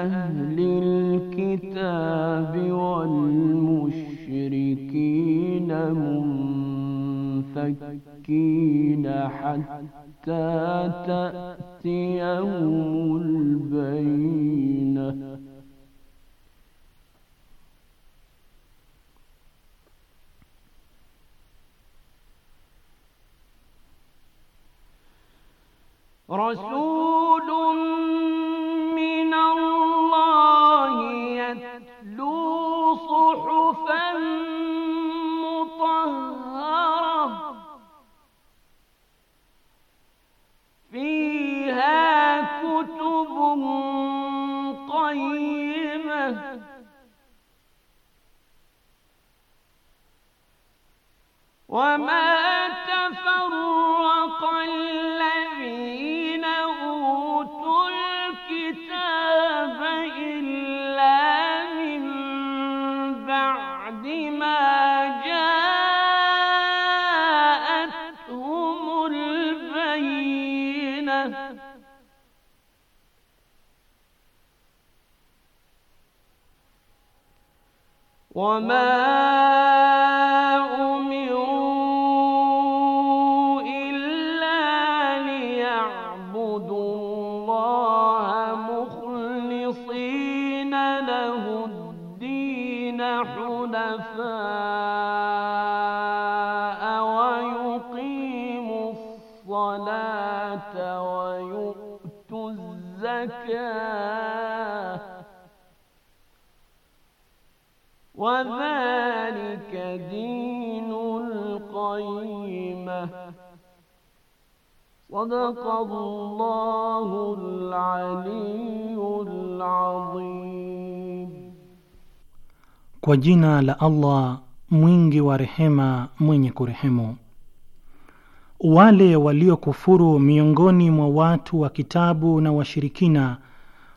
أهل الكتاب والمشركين منفكين حتى تأتي البينة رسول الله يتلو صحفا مطهرة فيها كتب وما تفرق الذين وما wa dhalika dinul qayyimah. Sadaqallahul aliyyul adhim. Kwa jina la Allah mwingi wa rehema mwenye kurehemu. Wale waliokufuru miongoni mwa watu wa kitabu na washirikina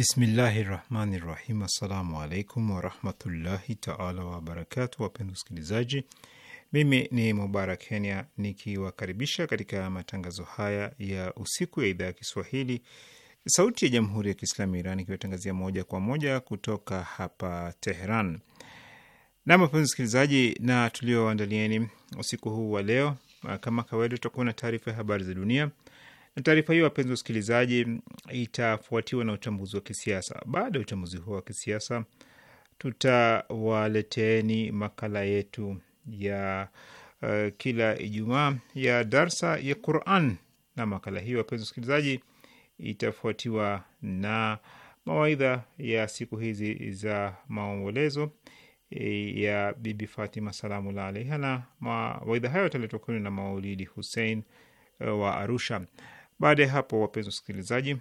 Bismillahi rahmani rahim. Assalamu alaikum warahmatullahi taala wabarakatu. Wapenda usikilizaji, mimi ni Mubarak Kenya nikiwakaribisha katika matangazo haya ya usiku ya idhaa ya Kiswahili sauti ya jamhuri ya Kiislamu ya Iran ikiwatangazia moja kwa moja kutoka hapa Teheran. Nam, wapenzi wasikilizaji, na tulioandalieni usiku huu wa leo, kama kawaida, tutakuwa na taarifa ya habari za dunia Taarifa hiyo, wapenzi wasikilizaji, itafuatiwa na uchambuzi wa kisiasa. Baada ya uchambuzi huo wa kisiasa, tutawaleteeni makala yetu ya uh, kila Ijumaa ya darsa ya Quran, na makala hiyo, wapenzi wasikilizaji, itafuatiwa na mawaidha ya siku hizi za maombolezo eh, ya Bibi Fatima salamullah alaiha, na mawaidha hayo yataletwa kwenu na Maulidi Hussein eh, wa Arusha. Baada ya hapo, wapenzi wasikilizaji,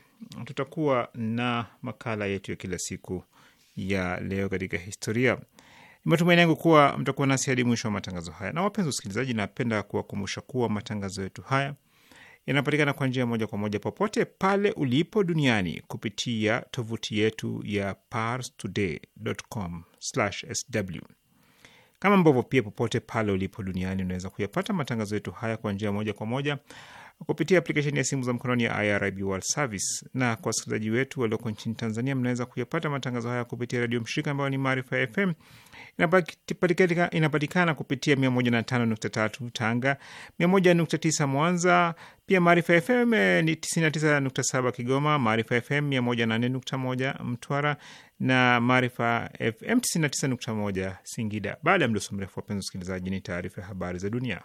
tutakuwa na makala yetu ya kila siku ya leo katika historia. Ni matumaini yangu kuwa mtakuwa nasi hadi mwisho wa matangazo haya. Na wapenzi wasikilizaji, napenda kuwakumbusha kuwa matangazo yetu haya yanapatikana kwa njia moja kwa moja popote pale ulipo duniani kupitia tovuti yetu ya parstoday.com/sw, kama ambavyo pia popote pale ulipo duniani unaweza kuyapata matangazo yetu haya kwa njia moja kwa moja kupitia aplikesheni ya simu za mkononi ya IRIB World Service. Na kwa wasikilizaji wetu walioko nchini Tanzania, mnaweza kuyapata matangazo haya kupitia redio mshirika ambayo ni Maarifa ya FM. Inapatikana, inapatikana kupitia 105.3 Tanga, 101.9 Mwanza, pia Maarifa FM eh, ni 99.7 Kigoma, Maarifa FM 104.1 Mtwara na Maarifa FM 99.1 Singida. Baada ya mdoso mrefu, wapenzi wasikilizaji, ni taarifa ya habari za dunia.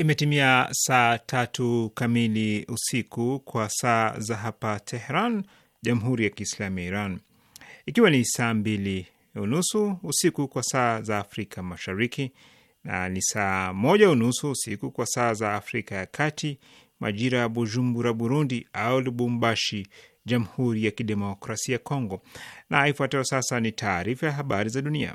Imetimia saa tatu kamili usiku kwa saa za hapa Tehran, Jamhuri ya Kiislamu ya Iran, ikiwa ni saa mbili unusu usiku kwa saa za Afrika Mashariki na ni saa moja unusu usiku kwa saa za Afrika ya Kati, majira ya Bujumbura, Burundi au Lubumbashi, Jamhuri ya Kidemokrasia Kongo. Na ifuatayo sasa ni taarifa ya habari za dunia.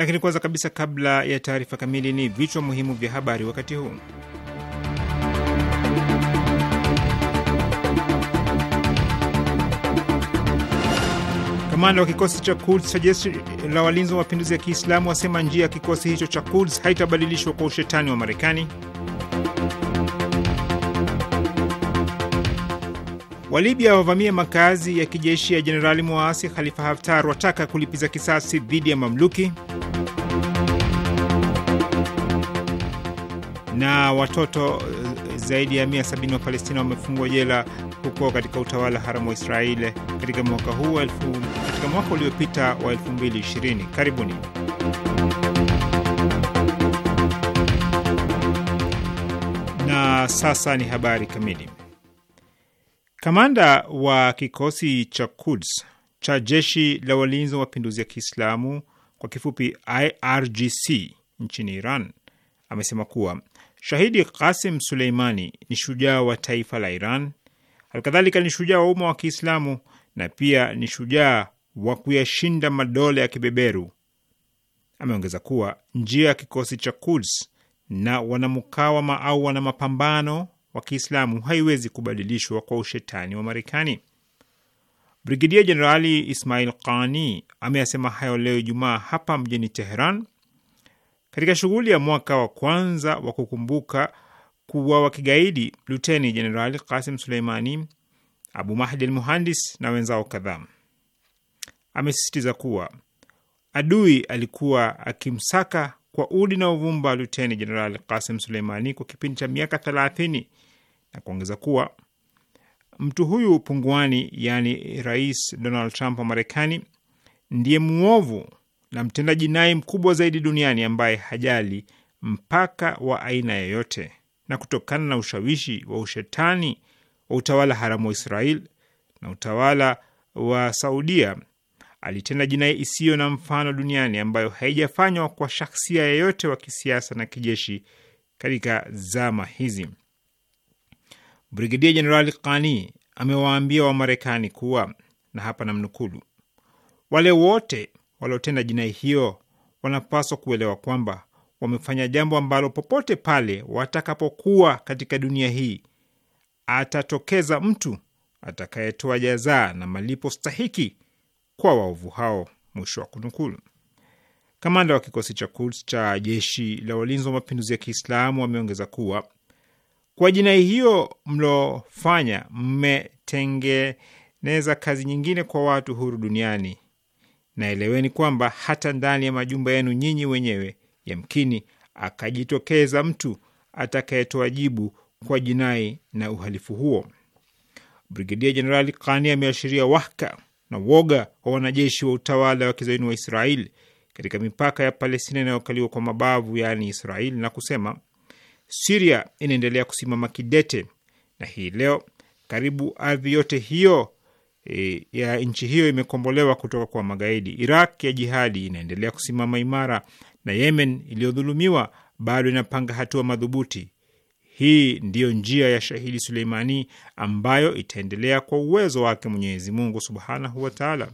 Lakini kwanza kabisa, kabla ya taarifa kamili, ni vichwa muhimu vya habari wakati huu. Kamanda wa kikosi cha Quds cha jeshi la walinzi wa mapinduzi ya Kiislamu wasema njia ya kikosi hicho cha Quds haitabadilishwa kwa ushetani wa Marekani. Walibya wavamia makazi ya kijeshi ya jenerali mwaasi Khalifa Haftar, wataka kulipiza kisasi dhidi ya mamluki, na watoto eh, zaidi ya 170 wa Palestina wamefungwa jela huko katika utawala haramu wa Israeli katika mwaka huu katika mwaka uliopita wa 2020. Karibuni. Na sasa ni habari kamili. Kamanda wa kikosi cha Quds cha jeshi la walinzi wa mapinduzi ya Kiislamu kwa kifupi IRGC nchini Iran amesema kuwa shahidi Qasim Suleimani ni shujaa wa taifa la Iran, halikadhalika ni shujaa wa umma wa Kiislamu na pia ni shujaa wa kuyashinda madola ya kibeberu. Ameongeza kuwa njia ya kikosi cha Quds na wanamukawama au wana mapambano wa Kiislamu haiwezi kubadilishwa kwa ushetani wa Marekani. Brigedia Jenerali Ismail Qani ameyasema hayo leo Ijumaa hapa mjini Teheran katika shughuli ya mwaka wa kwanza wa kukumbuka kuuawa kigaidi Luteni Jenerali Kasim Suleimani, Abu Mahdi al Muhandis na wenzao kadhaa. Amesisitiza kuwa adui alikuwa akimsaka kwa udi na uvumba Luteni Jenerali Kasim Suleimani kwa kipindi cha miaka thelathini na kuongeza kuwa mtu huyu punguani, yaani Rais Donald Trump wa Marekani, ndiye mwovu na mtenda jinai mkubwa zaidi duniani ambaye hajali mpaka wa aina yoyote. Na kutokana na ushawishi wa ushetani wa utawala haramu wa Israel na utawala wa Saudia, alitenda jinai isiyo na mfano duniani ambayo haijafanywa kwa shakhsia yeyote wa kisiasa na kijeshi katika zama hizi. Brigedia Jenerali Kani amewaambia Wamarekani kuwa na hapa namnukulu, wale wote waliotenda jinai hiyo wanapaswa kuelewa kwamba wamefanya jambo ambalo popote pale watakapokuwa katika dunia hii atatokeza mtu atakayetoa jazaa na malipo stahiki kwa waovu hao. Mwisho wa kunukulu. Kamanda wa kikosi cha Quds cha jeshi la walinzi wa mapinduzi ya Kiislamu ameongeza kuwa kwa jinai hiyo mlofanya, mmetengeneza kazi nyingine kwa watu huru duniani, naeleweni kwamba hata ndani ya majumba yenu nyinyi wenyewe, yamkini akajitokeza mtu atakayetoa jibu kwa jinai na uhalifu huo. Brigedia Jenerali Kani ameashiria wahka na woga wa wanajeshi wa utawala wa kizaini wa Israeli katika mipaka ya Palestina inayokaliwa kwa mabavu yaani Israeli na kusema Siria inaendelea kusimama kidete, na hii leo karibu ardhi yote hiyo e, ya nchi hiyo imekombolewa kutoka kwa magaidi. Iraq ya jihadi inaendelea kusimama imara, na Yemen iliyodhulumiwa bado inapanga hatua madhubuti. Hii ndiyo njia ya shahidi Suleimani ambayo itaendelea kwa uwezo wake Mwenyezi Mungu subhanahu wataala.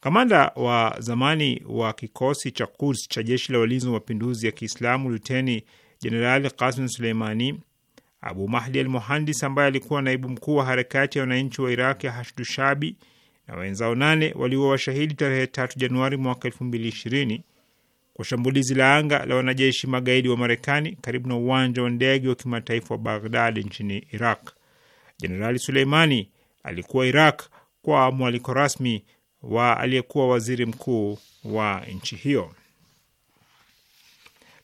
Kamanda wa zamani wa kikosi cha Quds cha jeshi la walinzi wa mapinduzi ya Kiislamu Luteni Jenerali Kasim Suleimani, Abu Mahdi al Muhandis ambaye alikuwa naibu mkuu wa harakati ya wananchi wa Iraq ya Hashdushabi na wenzao nane waliuwa washahidi tarehe 3 Januari mwaka 2020 kwa shambulizi la anga la wanajeshi magaidi wa Marekani karibu na uwanja wa ndege wa kimataifa wa Baghdad nchini Iraq. Jenerali Suleimani alikuwa Iraq kwa mwaliko rasmi wa aliyekuwa waziri mkuu wa nchi hiyo.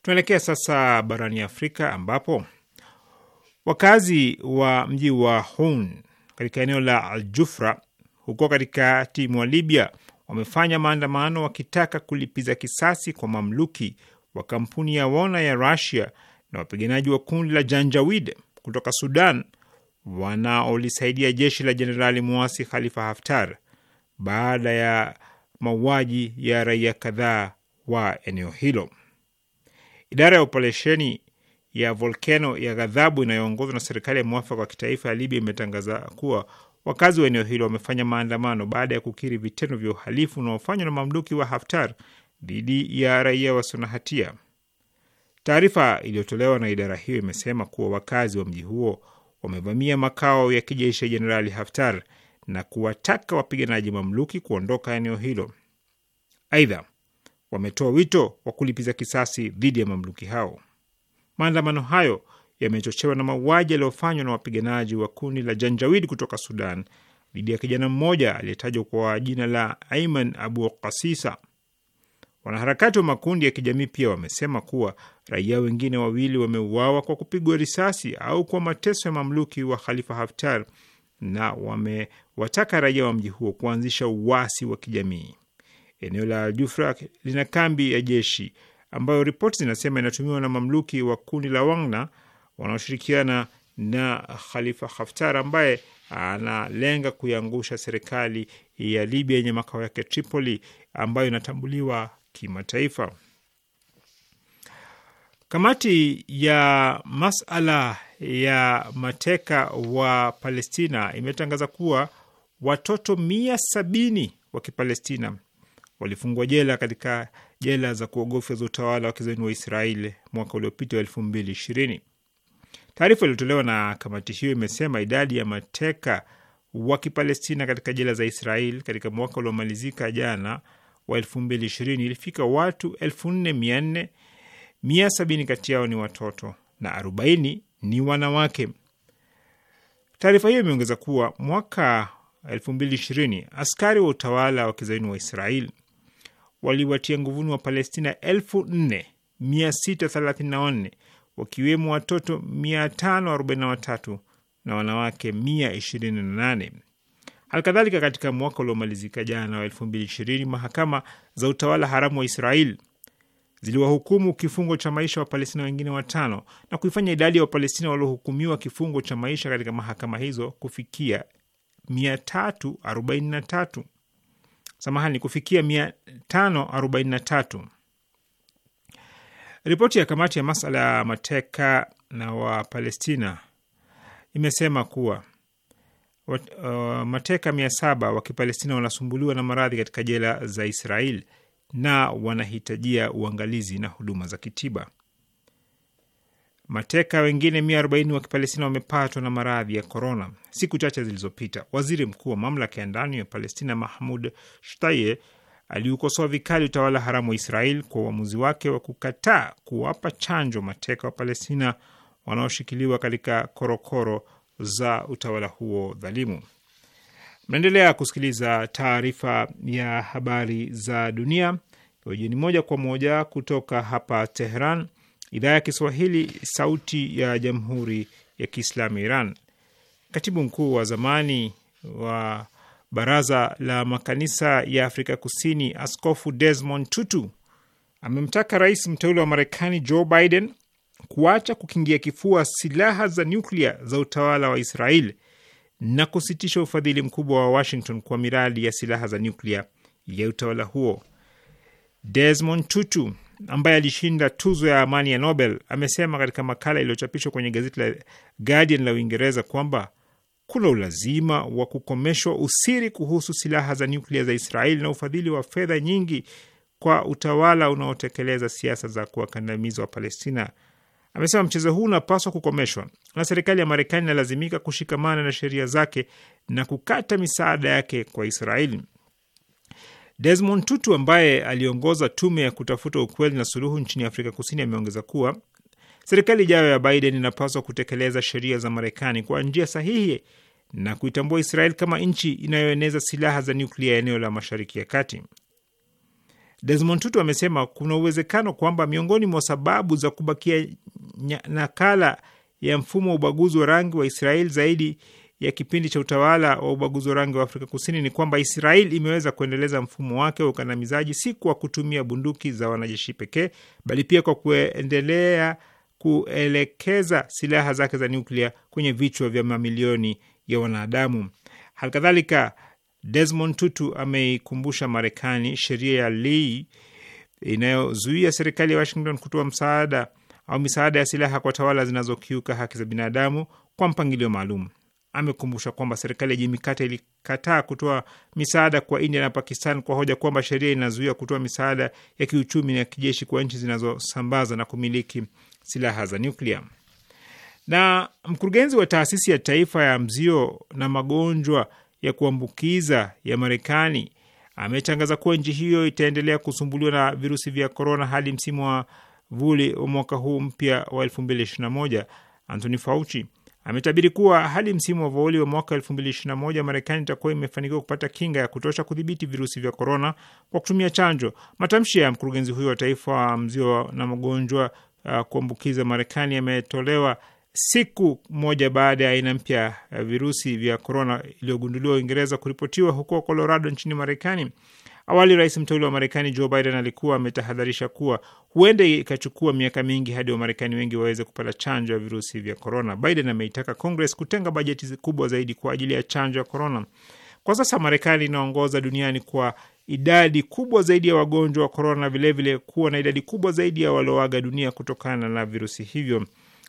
Tunaelekea sasa barani Afrika ambapo wakazi wa mji wa Hun katika eneo la Aljufra huko katikati mwa Libya wamefanya maandamano wakitaka kulipiza kisasi kwa mamluki wa kampuni ya wona ya rasia na wapiganaji wa kundi la Janjawid kutoka Sudan wanaolisaidia jeshi la jenerali mwasi Khalifa Haftar baada ya mauaji ya raia kadhaa wa eneo hilo. Idara ya operesheni ya volkeno ya ghadhabu inayoongozwa na serikali ya mwafaka wa kitaifa ya Libya imetangaza kuwa wakazi wa eneo hilo wamefanya maandamano baada ya kukiri vitendo vya uhalifu unaofanywa na mamluki wa Haftar dhidi ya raia wasio na hatia. Taarifa iliyotolewa na idara hiyo imesema kuwa wakazi wa mji huo wamevamia makao ya kijeshi ya Jenerali Haftar na kuwataka wapiganaji mamluki kuondoka eneo hilo. Aidha, wametoa wito wa kulipiza kisasi dhidi ya mamluki hao. Maandamano hayo yamechochewa na mauaji yaliyofanywa na wapiganaji wa kundi la Janjawid kutoka Sudan dhidi ya kijana mmoja aliyetajwa kwa jina la Aiman Abu Kasisa. Wanaharakati wa makundi ya kijamii pia wamesema kuwa raia wengine wawili wameuawa kwa kupigwa risasi au kwa mateso ya mamluki wa Khalifa Haftar, na wamewataka raia wa mji huo kuanzisha uasi wa kijamii. Eneo la Jufra lina kambi ya jeshi ambayo ripoti zinasema inatumiwa na mamluki wa kundi la Wagner wanaoshirikiana na Khalifa Haftar ambaye analenga kuiangusha serikali ya Libya yenye makao yake Tripoli ambayo inatambuliwa kimataifa. Kamati ya masala ya mateka wa Palestina imetangaza kuwa watoto mia sabini wa Kipalestina walifungwa jela katika jela za kuogofya za utawala wa kizayuni wa Israel mwaka uliopita wa elfu mbili ishirini. Taarifa iliyotolewa na kamati hiyo imesema idadi ya mateka wa Kipalestina katika jela za Israel katika mwaka uliomalizika jana wa elfu mbili ishirini ilifika watu elfu nne mia nne mia sabini kati yao ni watoto na arobaini ni wanawake. Taarifa hiyo imeongeza kuwa mwaka elfu mbili ishirini askari wa utawala wa kizaini wa Israeli waliwatia nguvuni wa Palestina 4634 wakiwemo watoto 543 na wanawake 128. Halikadhalika, katika mwaka uliomalizika jana wa 2020 mahakama za utawala haramu wa Israel ziliwahukumu kifungo cha maisha Wapalestina wengine watano na kuifanya idadi ya Wapalestina waliohukumiwa kifungo cha maisha katika mahakama hizo kufikia 343 samahani, kufikia 543. Ripoti ya kamati ya masala ya mateka na Wapalestina imesema kuwa wat, uh, mateka 700 wa Kipalestina wanasumbuliwa na maradhi katika jela za Israel na wanahitajia uangalizi na huduma za kitiba. Mateka wengine 140 wa Kipalestina wamepatwa na maradhi ya korona. Siku chache zilizopita, waziri mkuu wa mamlaka ya ndani ya Palestina Mahmud Shtaye aliukosoa vikali utawala haramu wa Israel kwa uamuzi wake wa kukataa kuwapa chanjo mateka wa Palestina wanaoshikiliwa katika korokoro za utawala huo dhalimu. Mnaendelea kusikiliza taarifa ya habari za dunia, hojieni moja kwa moja kutoka hapa teheran idhaa ya Kiswahili, sauti ya jamhuri ya kiislamu ya Iran. Katibu mkuu wa zamani wa baraza la makanisa ya Afrika Kusini, Askofu Desmond Tutu amemtaka rais mteule wa Marekani Joe Biden kuacha kukingia kifua silaha za nyuklia za utawala wa Israel na kusitisha ufadhili mkubwa wa Washington kwa miradi ya silaha za nyuklia ya utawala huo. Desmond Tutu ambaye alishinda tuzo ya amani ya Nobel amesema katika makala iliyochapishwa kwenye gazeti la Guardian la Uingereza kwamba kuna ulazima wa kukomeshwa usiri kuhusu silaha za nyuklia za Israeli na ufadhili wa fedha nyingi kwa utawala unaotekeleza siasa za kuwakandamiza Wapalestina. Amesema mchezo huu unapaswa kukomeshwa na serikali ya Marekani inalazimika kushikamana na sheria zake na kukata misaada yake kwa Israeli. Desmond Tutu ambaye aliongoza tume ya kutafuta ukweli na suluhu nchini Afrika Kusini ameongeza kuwa serikali ijayo ya Biden inapaswa kutekeleza sheria za Marekani kwa njia sahihi na kuitambua Israel kama nchi inayoeneza silaha za nyuklia eneo la Mashariki ya Kati. Desmond Tutu amesema kuna uwezekano kwamba miongoni mwa sababu za kubakia nakala ya mfumo wa ubaguzi wa rangi wa Israel zaidi ya kipindi cha utawala wa ubaguzi wa rangi wa Afrika Kusini ni kwamba Israel imeweza kuendeleza mfumo wake wa ukandamizaji, si kwa kutumia bunduki za wanajeshi pekee, bali pia kwa kuendelea kuelekeza silaha zake za nyuklia kwenye vichwa vya mamilioni ya wanadamu. Halikadhalika, Desmond Tutu ameikumbusha Marekani sheria ya Lee inayozuia serikali ya Washington kutoa msaada au misaada ya silaha kwa tawala zinazokiuka haki za binadamu kwa mpangilio maalum amekumbusha kwamba serikali ya Jimikata ilikataa kutoa misaada kwa India na Pakistan kwa hoja kwamba sheria inazuia kutoa misaada ya kiuchumi na kijeshi kwa nchi zinazosambaza na kumiliki silaha za nyuklia. Na mkurugenzi wa taasisi ya taifa ya mzio na magonjwa ya kuambukiza ya Marekani ametangaza kuwa nchi hiyo itaendelea kusumbuliwa na virusi vya korona hadi msimu wa vuli wa mwaka huu mpya wa 2021. Anthony Fauci ametabiri kuwa hadi msimu wa vauli wa mwaka 2021 Marekani itakuwa imefanikiwa kupata kinga ya kutosha kudhibiti virusi vya korona kwa kutumia chanjo. Matamshi ya mkurugenzi huyo wa taifa wa mzio na magonjwa uh, kuambukiza Marekani yametolewa siku moja baada ya aina mpya ya uh, virusi vya korona iliyogunduliwa Uingereza kuripotiwa huko Colorado nchini Marekani. Awali rais mteule wa Marekani Joe Biden alikuwa ametahadharisha kuwa Huenda ikachukua miaka mingi hadi Wamarekani wengi waweze kupata chanjo ya virusi vya korona. Biden ameitaka Congress kutenga bajeti kubwa zaidi kwa ajili ya chanjo ya korona. Kwa sasa Marekani inaongoza duniani kwa idadi kubwa zaidi ya wagonjwa wa korona vilevile kuwa na idadi kubwa zaidi ya walioaga dunia kutokana na virusi hivyo.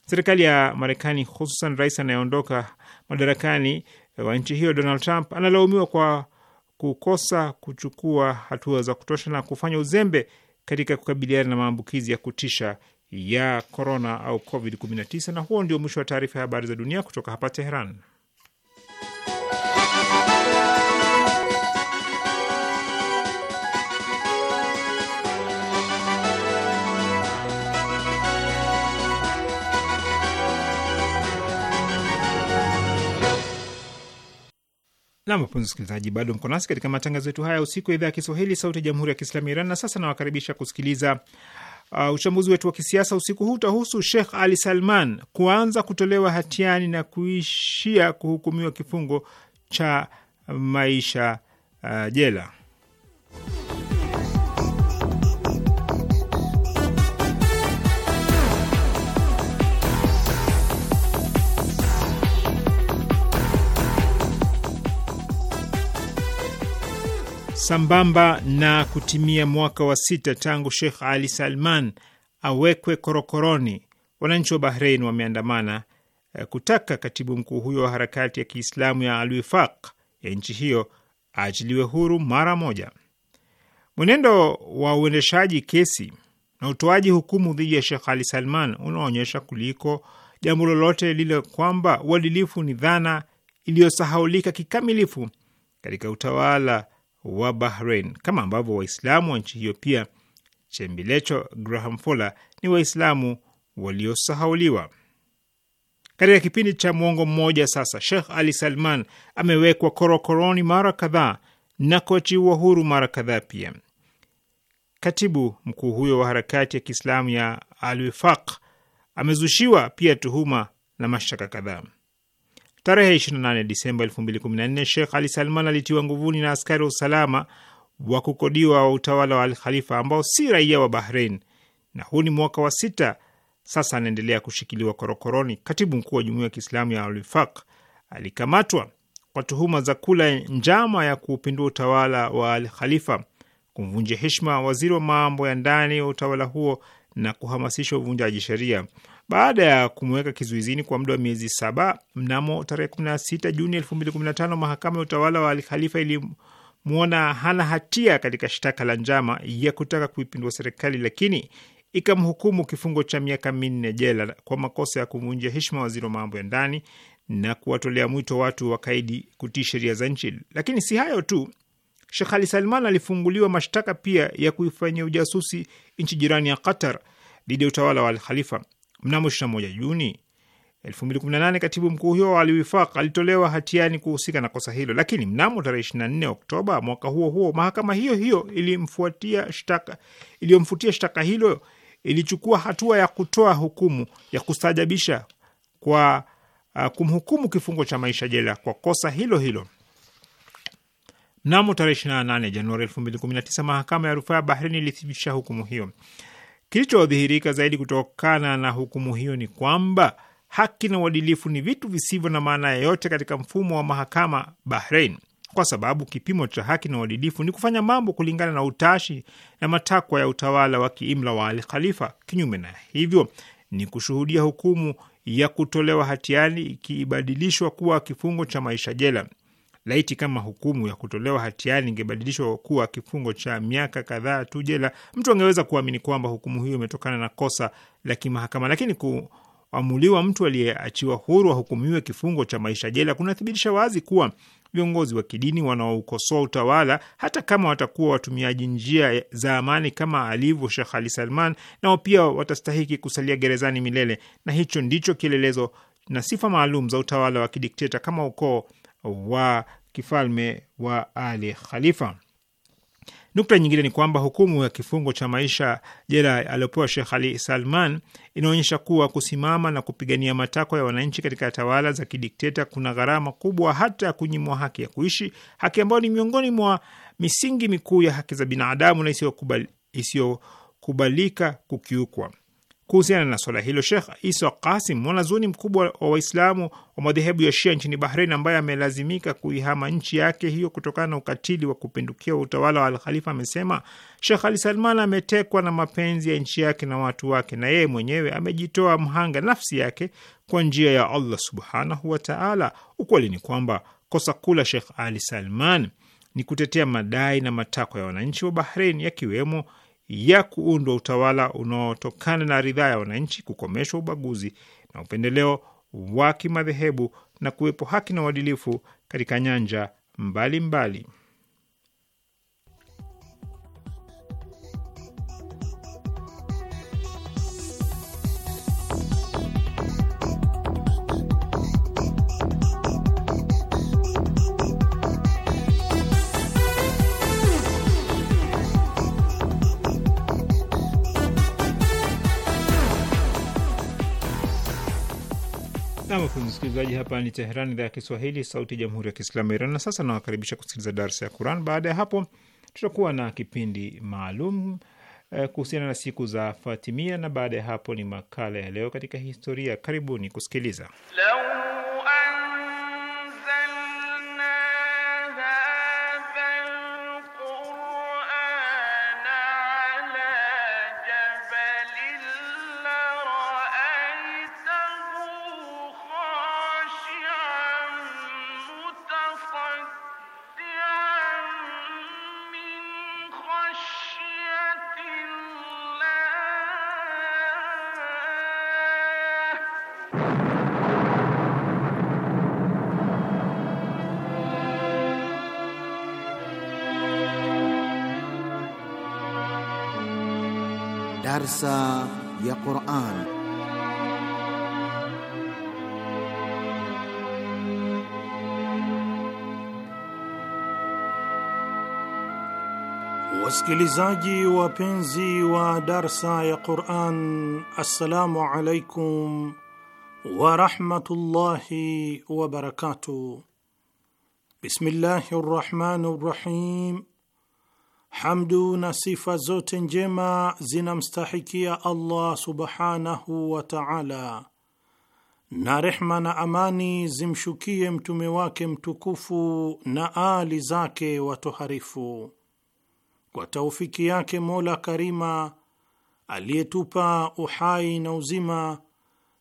Serikali ya Marekani, hususan rais anayeondoka madarakani wa nchi hiyo Donald Trump, analaumiwa kwa kukosa kuchukua hatua za kutosha na kufanya uzembe katika kukabiliana na maambukizi ya kutisha ya korona au COVID-19. Na huo ndio mwisho wa taarifa ya habari za dunia kutoka hapa Teheran. Nam, wapenzi bado mko nasi katika matangazo yetu haya usiku ya idhaa ya Kiswahili sauti ya jamhuri ya kiislamu ya Iran. Na sasa nawakaribisha kusikiliza uh, uchambuzi wetu wa kisiasa usiku huu utahusu Sheikh Ali Salman kuanza kutolewa hatiani na kuishia kuhukumiwa kifungo cha maisha uh, jela. sambamba na kutimia mwaka wa sita tangu Sheikh Ali Salman awekwe korokoroni, wananchi wa Bahrein wameandamana eh, kutaka katibu mkuu huyo wa harakati ya Kiislamu ya Alwifaq ya nchi hiyo aachiliwe huru mara moja. Mwenendo wa uendeshaji kesi na utoaji hukumu dhidi ya Sheikh Ali Salman unaonyesha kuliko jambo lolote lile kwamba uadilifu ni dhana iliyosahaulika kikamilifu katika utawala wa Bahrain, kama ambavyo Waislamu wa nchi hiyo pia chembilecho Graham Fuller ni Waislamu waliosahauliwa. Katika kipindi cha mwongo mmoja sasa, Sheikh Ali Salman amewekwa korokoroni mara kadhaa na kuachiwa huru mara kadhaa pia. Katibu mkuu huyo wa harakati ya Kiislamu ya Al-Wifaq amezushiwa pia tuhuma na mashtaka kadhaa. Tarehe 28 Disemba 2014 Sheikh Ali Salman alitiwa nguvuni na askari wa usalama wa kukodiwa wa utawala wa Al Khalifa ambao si raia wa Bahrein, na huu ni mwaka wa sita sasa anaendelea kushikiliwa korokoroni. Katibu mkuu wa Jumuiya ya Kiislamu ya Alwifaq alikamatwa kwa tuhuma za kula njama ya kuupindua utawala wa Al Khalifa, kumvunjia heshima waziri wa mambo ya ndani wa utawala huo na kuhamasisha uvunjaji sheria baada ya kumweka kizuizini kwa muda wa miezi saba. Mnamo tarehe 16 Juni 2015 mahakama ya utawala wa Alkhalifa ilimwona hana hatia katika shtaka la njama ya kutaka kuipindua serikali, lakini ikamhukumu kifungo cha miaka minne jela kwa makosa ya kuvunjia heshima waziri wa mambo ya ndani na kuwatolea mwito watu wakaidi kutii sheria za nchi. Lakini si hayo tu, Sheikh Ali Salman alifunguliwa mashtaka pia ya kuifanyia ujasusi nchi jirani ya Qatar dhidi ya utawala wa Al Khalifa. Mnamo 21 Juni 2018 katibu mkuu huyo wa alitolewa hatiani kuhusika na kosa hilo, lakini mnamo tarehe 24 Oktoba mwaka huo huo mahakama hiyo hiyo ilimfuatia shtaka, iliyomfutia shtaka hilo ilichukua hatua ya kutoa hukumu ya kustajabisha kwa uh, kumhukumu kifungo cha maisha jela kwa kosa hilo hilo. Mnamo tarehe 28 Januari 2019 mahakama ya rufaa ya Bahrain ilithibitisha hukumu hiyo. Kilichodhihirika zaidi kutokana na hukumu hiyo ni kwamba haki na uadilifu ni vitu visivyo na maana yoyote katika mfumo wa mahakama Bahrain, kwa sababu kipimo cha haki na uadilifu ni kufanya mambo kulingana na utashi na matakwa ya utawala wa kiimla wa alkhalifa Khalifa. Kinyume na hivyo ni kushuhudia hukumu ya kutolewa hatiani ikibadilishwa kuwa kifungo cha maisha jela. Laiti kama hukumu ya kutolewa hatiani ingebadilishwa kuwa kifungo cha miaka kadhaa tu jela, mtu angeweza kuamini kwamba hukumu hiyo imetokana na kosa la kimahakama, lakini kuamuliwa mtu aliyeachiwa huru ahukumiwe kifungo cha maisha jela kunathibitisha wazi kuwa viongozi wa kidini wanaoukosoa utawala, hata kama watakuwa watumiaji njia za amani kama alivyo Shekh Ali Salman, nao pia watastahiki kusalia gerezani milele, na hicho ndicho kielelezo na sifa maalum za utawala wa kidikteta kama ukoo wa kifalme wa Ali Khalifa. Nukta nyingine ni kwamba hukumu ya kifungo cha maisha jela aliyopewa Sheikh Ali Salman inaonyesha kuwa kusimama na kupigania matakwa ya wananchi katika tawala za kidikteta kuna gharama kubwa, hata ya kunyimwa haki ya kuishi, haki ambayo ni miongoni mwa misingi mikuu ya haki za binadamu na isiyokubalika kukiukwa. Kuhusiana na swala hilo, Shekh Isa Kasim, mwanazuni mkubwa wa Waislamu wa madhehebu ya Shia nchini Bahrein, ambaye amelazimika kuihama nchi yake hiyo kutokana na ukatili wa kupindukia wa utawala wa Alkhalifa, amesema Shekh Ali Salman ametekwa na mapenzi ya nchi yake na watu wake, na yeye mwenyewe amejitoa mhanga nafsi yake kwa njia ya Allah subhanahu wataala. Ukweli ni kwamba kosa kuu la Shekh Ali Salman ni kutetea madai na matakwa ya wananchi wa Bahrein, yakiwemo ya kuundwa utawala unaotokana na ridhaa ya wananchi, kukomeshwa ubaguzi na upendeleo wa kimadhehebu na kuwepo haki na uadilifu katika nyanja mbalimbali mbali. Nam mpenzi msikilizaji, hapa ni teherani idhaa ya Kiswahili, sauti ya jamhuri ya kiislamu ya Iran. Na sasa nawakaribisha kusikiliza darsa ya Quran. Baada ya hapo, tutakuwa na kipindi maalum eh, kuhusiana na siku za Fatimia, na baada ya hapo ni makala ya leo katika historia. Karibuni kusikiliza leo. Wasikilizaji wapenzi wa darsa ya Quran, assalamu alaikum warahmatullahi wabarakatuh. Bismillahi rahmani rahim Hamdu na sifa zote njema zinamstahikia Allah subhanahu wa taala, na rehma na amani zimshukie mtume wake mtukufu na ali zake watoharifu kwa taufiki yake Mola Karima aliyetupa uhai na uzima,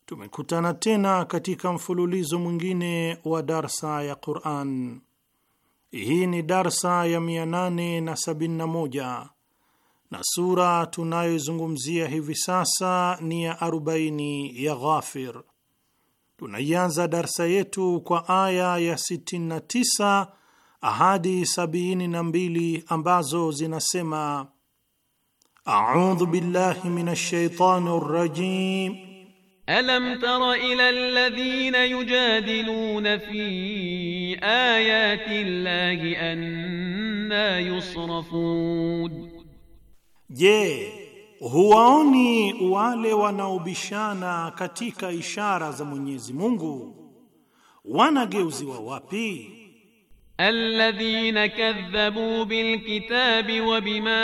tumekutana tena katika mfululizo mwingine wa darsa ya Quran. Hii ni darsa ya 871 na, na sura tunayozungumzia hivi sasa ni ya 40 ya Ghafir. Tunaianza darsa yetu kwa aya ya 69 ahadi sabini na mbili ambazo zinasema: audhu billahi minash shaitani rrajim alam tara ila alladhina yujadiluna fi ayati llahi anna yusrafun, je, huwaoni wale wanaobishana katika ishara za Mwenyezi Mungu wanageuziwa wapi? الذين كذبوا بالكتاب وبما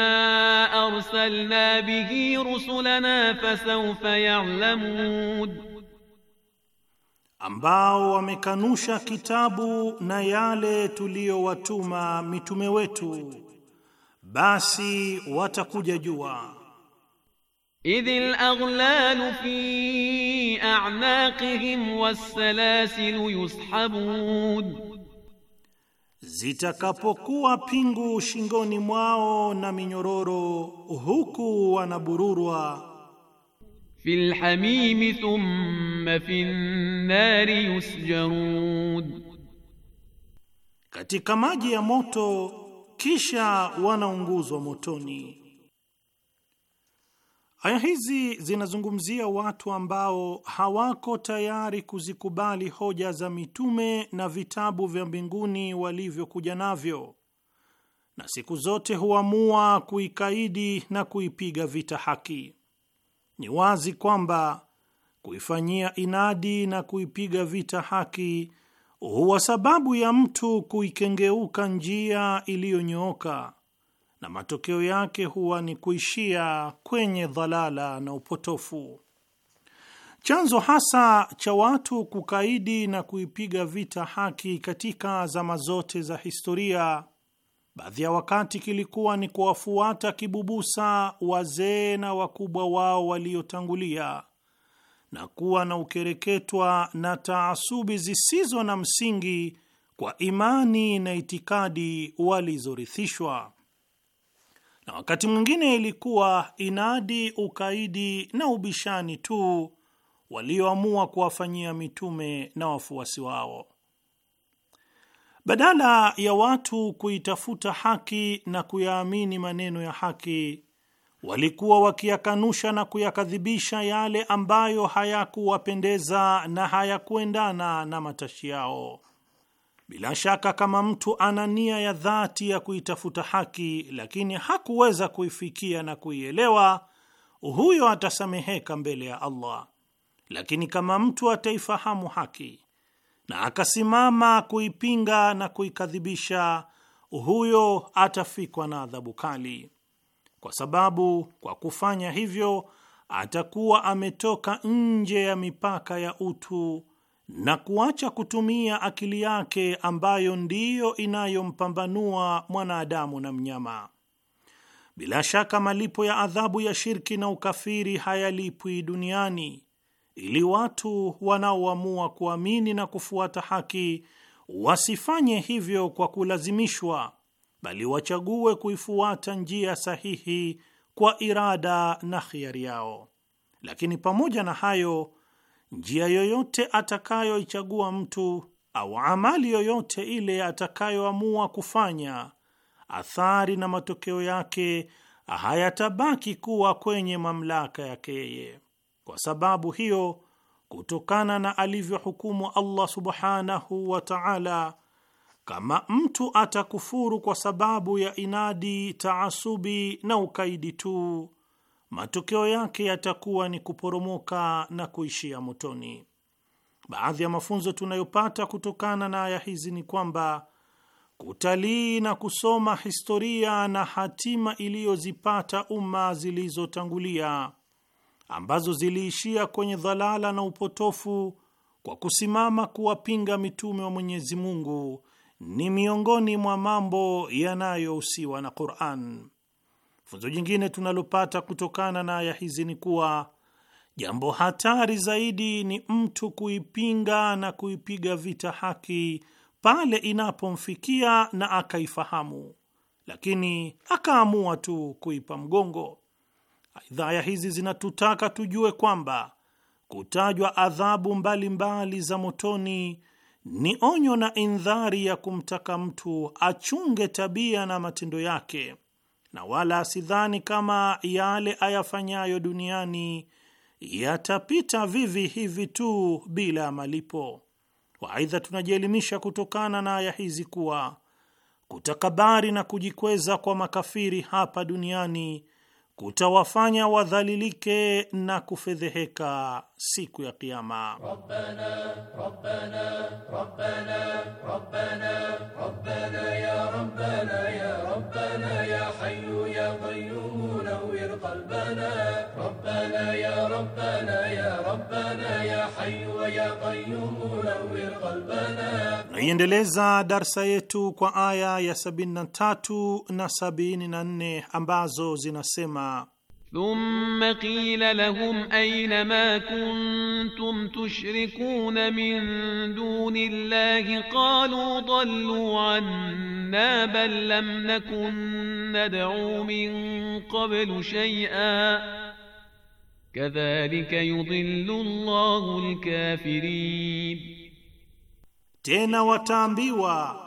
أرسلنا به رسلنا فسوف يعلمون ambao wamekanusha kitabu na yale tuliyowatuma mitume wetu basi watakuja jua إذ الأغلال في أعناقهم والسلاسل yushabun zitakapokuwa pingu shingoni mwao na minyororo huku wanabururwa. Fil hamim thumma fin nar yusjarun, katika maji ya moto kisha wanaunguzwa motoni. Aya hizi zinazungumzia watu ambao hawako tayari kuzikubali hoja za mitume na vitabu vya mbinguni walivyokuja navyo, na siku zote huamua kuikaidi na kuipiga vita haki. Ni wazi kwamba kuifanyia inadi na kuipiga vita haki huwa sababu ya mtu kuikengeuka njia iliyonyooka na matokeo yake huwa ni kuishia kwenye dhalala na upotofu. Chanzo hasa cha watu kukaidi na kuipiga vita haki katika zama zote za historia, baadhi ya wakati kilikuwa ni kuwafuata kibubusa wazee na wakubwa wao waliotangulia na kuwa na ukereketwa na taasubi zisizo na msingi kwa imani na itikadi walizorithishwa na wakati mwingine ilikuwa inadi, ukaidi na ubishani tu walioamua kuwafanyia mitume na wafuasi wao, badala ya watu kuitafuta haki na kuyaamini maneno ya haki walikuwa wakiyakanusha na kuyakadhibisha yale ambayo hayakuwapendeza na hayakuendana na matashi yao. Bila shaka kama mtu ana nia ya dhati ya kuitafuta haki lakini hakuweza kuifikia na kuielewa, huyo atasameheka mbele ya Allah. Lakini kama mtu ataifahamu haki na akasimama kuipinga na kuikadhibisha, huyo atafikwa na adhabu kali, kwa sababu kwa kufanya hivyo atakuwa ametoka nje ya mipaka ya utu na kuacha kutumia akili yake ambayo ndiyo inayompambanua mwanadamu na mnyama. Bila shaka malipo ya adhabu ya shirki na ukafiri hayalipwi duniani, ili watu wanaoamua kuamini na kufuata haki wasifanye hivyo kwa kulazimishwa, bali wachague kuifuata njia sahihi kwa irada na khiari yao. Lakini pamoja na hayo njia yoyote atakayoichagua mtu au amali yoyote ile atakayoamua kufanya, athari na matokeo yake hayatabaki kuwa kwenye mamlaka yake yeye. Kwa sababu hiyo, kutokana na alivyohukumu Allah subhanahu wa ta'ala, kama mtu atakufuru kwa sababu ya inadi, taasubi na ukaidi tu matokeo yake yatakuwa ni kuporomoka na kuishia motoni. Baadhi ya mafunzo tunayopata kutokana na aya hizi ni kwamba kutalii na kusoma historia na hatima iliyozipata umma zilizotangulia ambazo ziliishia kwenye dhalala na upotofu kwa kusimama kuwapinga mitume wa Mwenyezi Mungu ni miongoni mwa mambo yanayohusiwa na Qur'an. Funzo jingine tunalopata kutokana na aya hizi ni kuwa jambo hatari zaidi ni mtu kuipinga na kuipiga vita haki pale inapomfikia na akaifahamu, lakini akaamua tu kuipa mgongo. Aidha, aya hizi zinatutaka tujue kwamba kutajwa adhabu mbalimbali mbali za motoni ni onyo na indhari ya kumtaka mtu achunge tabia na matendo yake na wala asidhani kama yale ayafanyayo duniani yatapita vivi hivi tu bila ya malipo. Waaidha, tunajielimisha kutokana na aya hizi kuwa kutakabari na kujikweza kwa makafiri hapa duniani kutawafanya wadhalilike na kufedheheka siku ya Kiama. Rabbana, Rabbana, Rabbana, Rabbana, Rabbana ya Rabbana ya Rabbana ya Hayyu ya Qayyum nawwir qalbana Rabbana ya Rabbana ya Rabbana ya Hayyu ya Qayyum nawwir qalbana. Naiendeleza darsa yetu kwa aya ya 73 na 74 ambazo zinasema ثم قيل لهم أين ما كنتم تشركون من دون الله قالوا ضلوا عنا بل لم نكن ندعو من قبل شيئا كذلك يضل الله الكافرين تينا wataambiwa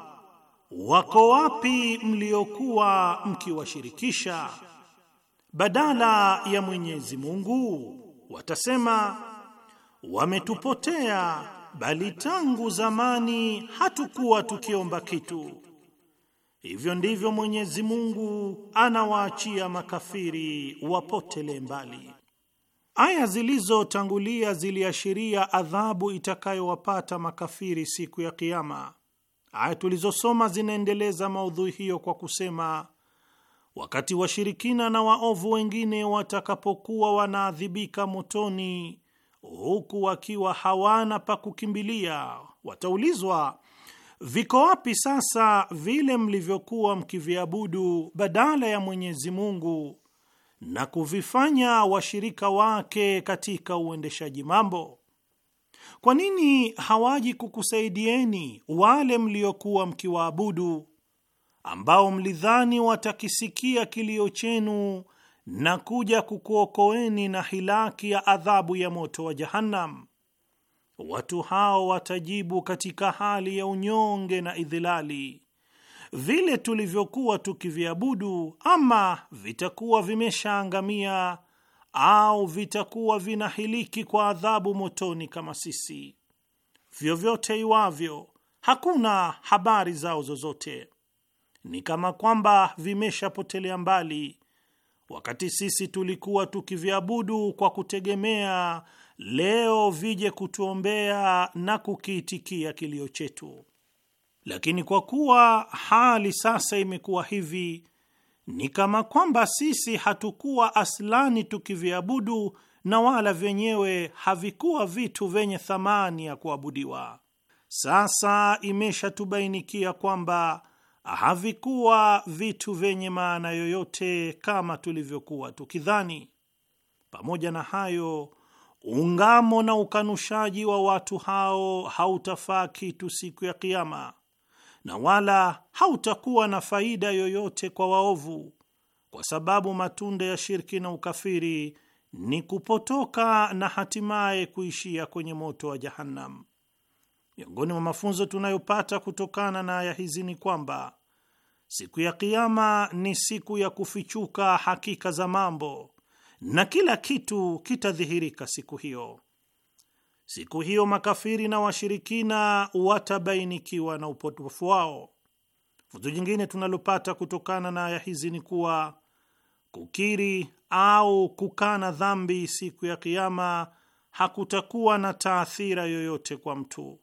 وكوابي مليوكوا مكي وشركيشا badala ya Mwenyezi Mungu, watasema wametupotea, bali tangu zamani hatukuwa tukiomba kitu. Hivyo ndivyo Mwenyezi Mungu anawaachia makafiri wapotele mbali. Aya zilizotangulia ziliashiria adhabu itakayowapata makafiri siku ya Kiyama. Aya tulizosoma zinaendeleza maudhui hiyo kwa kusema Wakati washirikina na waovu wengine watakapokuwa wanaadhibika motoni, huku wakiwa hawana pa kukimbilia, wataulizwa, viko wapi sasa vile mlivyokuwa mkiviabudu badala ya Mwenyezi Mungu na kuvifanya washirika wake katika uendeshaji mambo? Kwa nini hawaji kukusaidieni wale mliokuwa mkiwaabudu ambao mlidhani watakisikia kilio chenu na kuja kukuokoeni na hilaki ya adhabu ya moto wa Jahannam. Watu hao watajibu katika hali ya unyonge na idhilali, vile tulivyokuwa tukiviabudu, ama vitakuwa vimeshaangamia au vitakuwa vinahiliki kwa adhabu motoni kama sisi. Vyovyote iwavyo, hakuna habari zao zozote ni kama kwamba vimeshapotelea mbali, wakati sisi tulikuwa tukiviabudu kwa kutegemea leo vije kutuombea na kukiitikia kilio chetu. Lakini kwa kuwa hali sasa imekuwa hivi, ni kama kwamba sisi hatukuwa aslani tukiviabudu na wala vyenyewe havikuwa vitu vyenye thamani ya kuabudiwa. Sasa imeshatubainikia kwamba havikuwa vitu vyenye maana yoyote kama tulivyokuwa tukidhani. Pamoja na hayo, ungamo na ukanushaji wa watu hao hautafaa kitu siku ya Kiama, na wala hautakuwa na faida yoyote kwa waovu, kwa sababu matunda ya shirki na ukafiri ni kupotoka na hatimaye kuishia kwenye moto wa Jahannam. Miongoni mwa mafunzo tunayopata kutokana na aya hizi ni kwamba Siku ya Kiama ni siku ya kufichuka hakika za mambo na kila kitu kitadhihirika siku hiyo. Siku hiyo makafiri na washirikina watabainikiwa na upotofu wao. Funzo jingine tunalopata kutokana na aya hizi ni kuwa kukiri au kukana dhambi siku ya Kiama hakutakuwa na taathira yoyote kwa mtu,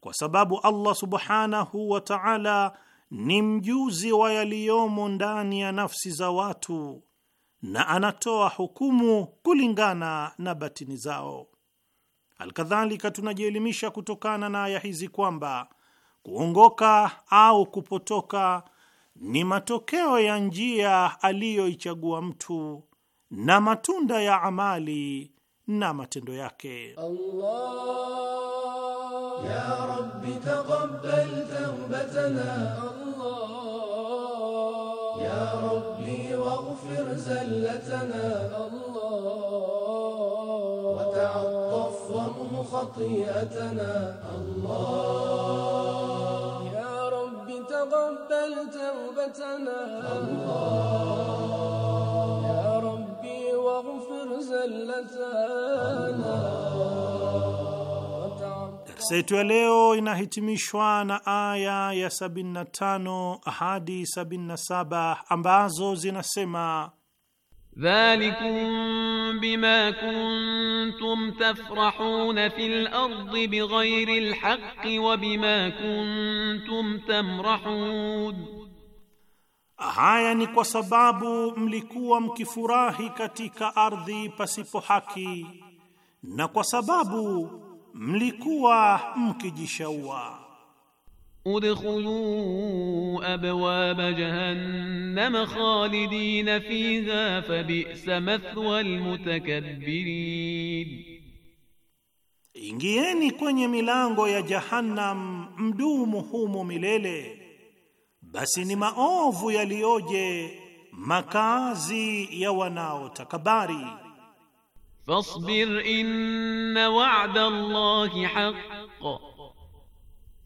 kwa sababu Allah subhanahu wa taala ni mjuzi wa yaliyomo ndani ya nafsi za watu na anatoa hukumu kulingana na batini zao. Alkadhalika, tunajielimisha kutokana na aya hizi kwamba kuongoka au kupotoka ni matokeo ya njia aliyoichagua mtu na matunda ya amali na matendo yake. Allah, ya Rabbi, taqabbal tawbatana زلتنا الله وتعطف وامه خطيئتنا الله يا رب تقبل توبتنا الله يا ربي واغفر زلتنا Darsa yetu ya leo inahitimishwa na aya ya 75 hadi 77 ambazo zinasema Dhalikum bima kuntum tafrahuna fil ardi bighairi alhaqi wa bima kuntum tamrahun, haya ni kwa sababu mlikuwa mkifurahi katika ardhi pasipo haki na kwa sababu mlikuwa mkijishaua udkhuluu abwaba jahannama khalidina fiha fabisa mathwa almutakabbirin, ingieni kwenye milango ya Jahannam mdumu humo milele, basi ni maovu yaliyoje makazi ya wanaotakabari. Fasbir inna wa'da Allahi haqq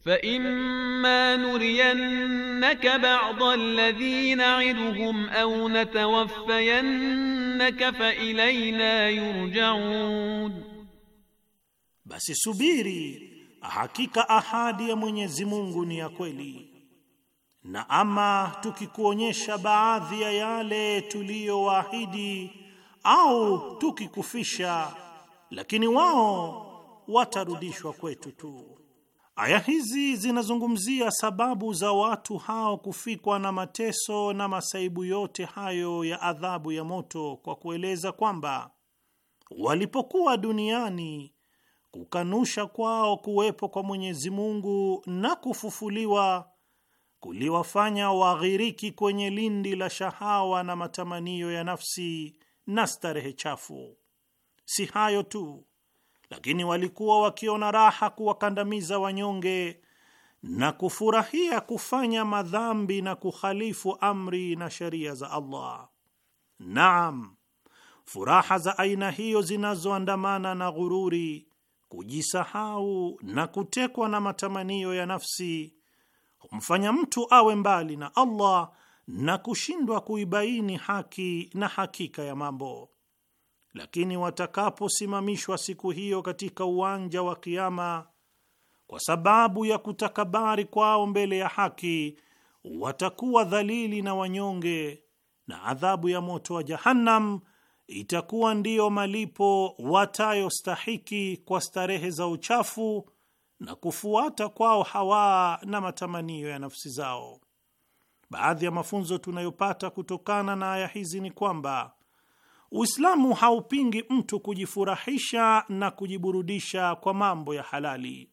فإما نرينك بعض الذي نعدهم أو نتوفينك فإلينا يرجعون, basi subiri, hakika ahadi ya Mwenyezi Mungu ni ya kweli, na ama tukikuonyesha baadhi ya yale tuliyowaahidi au tukikufisha, lakini wao watarudishwa kwetu tu. Aya hizi zinazungumzia sababu za watu hao kufikwa na mateso na masaibu yote hayo ya adhabu ya moto, kwa kueleza kwamba walipokuwa duniani kukanusha kwao kuwepo kwa Mwenyezi Mungu na kufufuliwa kuliwafanya waghiriki kwenye lindi la shahawa na matamanio ya nafsi na starehe chafu. Si hayo tu, lakini walikuwa wakiona raha kuwakandamiza wanyonge na kufurahia kufanya madhambi na kukhalifu amri na sheria za Allah. Naam, furaha za aina hiyo zinazoandamana na ghururi, kujisahau na kutekwa na matamanio ya nafsi humfanya mtu awe mbali na Allah na kushindwa kuibaini haki na hakika ya mambo lakini watakaposimamishwa siku hiyo katika uwanja wa Kiama kwa sababu ya kutakabari kwao mbele ya haki, watakuwa dhalili na wanyonge, na adhabu ya moto wa Jahannam itakuwa ndiyo malipo watayostahiki kwa starehe za uchafu na kufuata kwao hawa na matamanio ya nafsi zao. Baadhi ya mafunzo tunayopata kutokana na aya hizi ni kwamba Uislamu haupingi mtu kujifurahisha na kujiburudisha kwa mambo ya halali.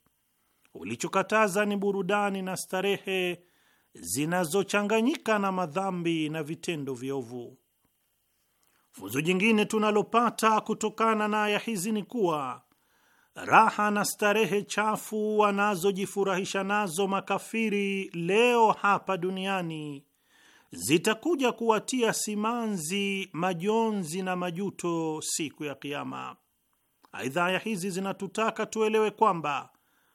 Ulichokataza ni burudani na starehe zinazochanganyika na madhambi na vitendo viovu. Funzo jingine tunalopata kutokana na aya hizi ni kuwa raha na starehe chafu wanazojifurahisha nazo makafiri leo hapa duniani zitakuja kuwatia simanzi majonzi na majuto siku ya Kiama. Aidha, aya hizi zinatutaka tuelewe kwamba